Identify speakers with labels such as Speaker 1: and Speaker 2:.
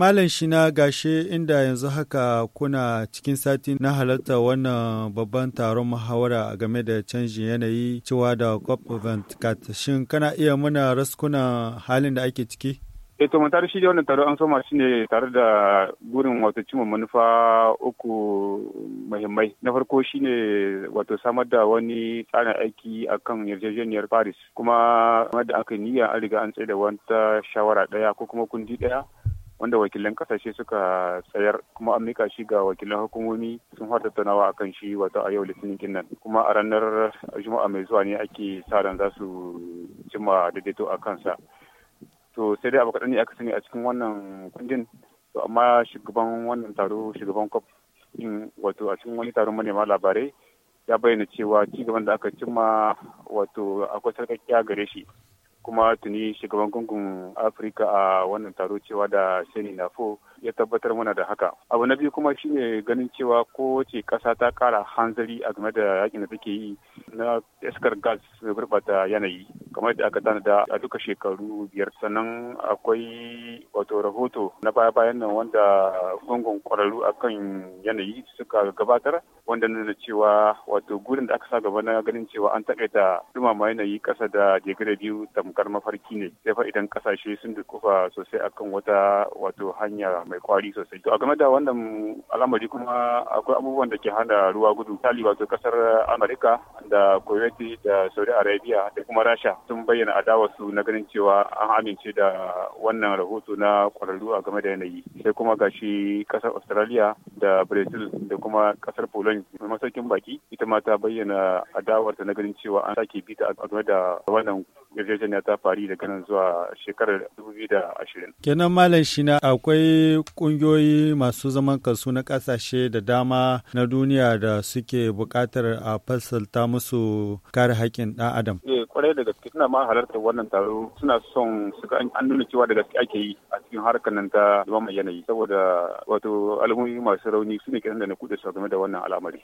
Speaker 1: Malam Shina gashe inda yanzu haka kuna cikin sati na halarta wannan babban taron muhawara game da canjin yanayi cewa da cop shin kana iya muna raskuna halin da ake ciki?
Speaker 2: e to mun shi da wannan taro an soma shi ne tare da burin wato cimma manufa uku muhimmai na farko shine wato samar da wani tsarin aiki akan yarjejeniyar paris kuma da aka niyya an riga an tsaye da wata shawara daya ko kuma kundi daya wanda wakilan kasashe suka tsayar kuma an mika shi ga wakilan hukumomi sun har tattaunawa kan shi wato a yau litinin kinnan kuma a ranar juma'a mai zuwa ne ake sa ran za su cimma daidaito a kansa to sai dai abu kaɗan ne aka sani a cikin wannan kundin to amma shugaban wannan taro shugaban kwaf din wato a cikin wani taron manema labarai ya bayyana cewa ci da aka cimma wato akwai sarƙaƙiya gare shi kuma tuni shugaban gungun afirka a wannan taro cewa da sheni nafo ya tabbatar mana da haka abu na biyu kuma shine ganin cewa ko ce kasa ta kara hanzari a game da yakin da take yi na iskar gas mai yanayi kamar da aka tanada a duka shekaru biyar sannan akwai wato rahoto na baya bayan nan wanda gungun ƙwararru akan yanayi suka gabatar wanda nuna cewa wato gurin da aka sa gaba na ganin cewa an takaita dumama yanayi kasa da digiri biyu tamkar mafarki ne sai fa idan ƙasashe sun dukufa sosai akan wata wato hanya mai kwari sosai to a game da wannan wannan al'amari kuma akwai abubuwan da ke hana ruwa gudu misali wato kasar amurka da Kuwait da saudi arabia da kuma rasha sun bayyana adawarsu na ganin cewa an amince da wannan rahoto na kwararru a game da yanayi sai kuma gashi kasar australia da brazil da kuma kasar poland mai masaukin baki ita ma ta bayyana adawarta na ganin cewa an sake bita a game da wannan yarjejeniya ta fari daga nan zuwa shekarar 2020.
Speaker 1: Kenan Malam Shina akwai kungiyoyi masu zaman kansu na kasashe da dama na duniya da suke bukatar a fasalta musu musu kare haƙƙin ɗan adam.
Speaker 2: Eh kwarai da gaske suna ma halartar wannan taro suna son su an nuna cewa da gaske ake yi a cikin harkar nan ta mai yanayi saboda wato al'ummomi masu rauni su ne kiran da na kuɗe su game da wannan al'amari.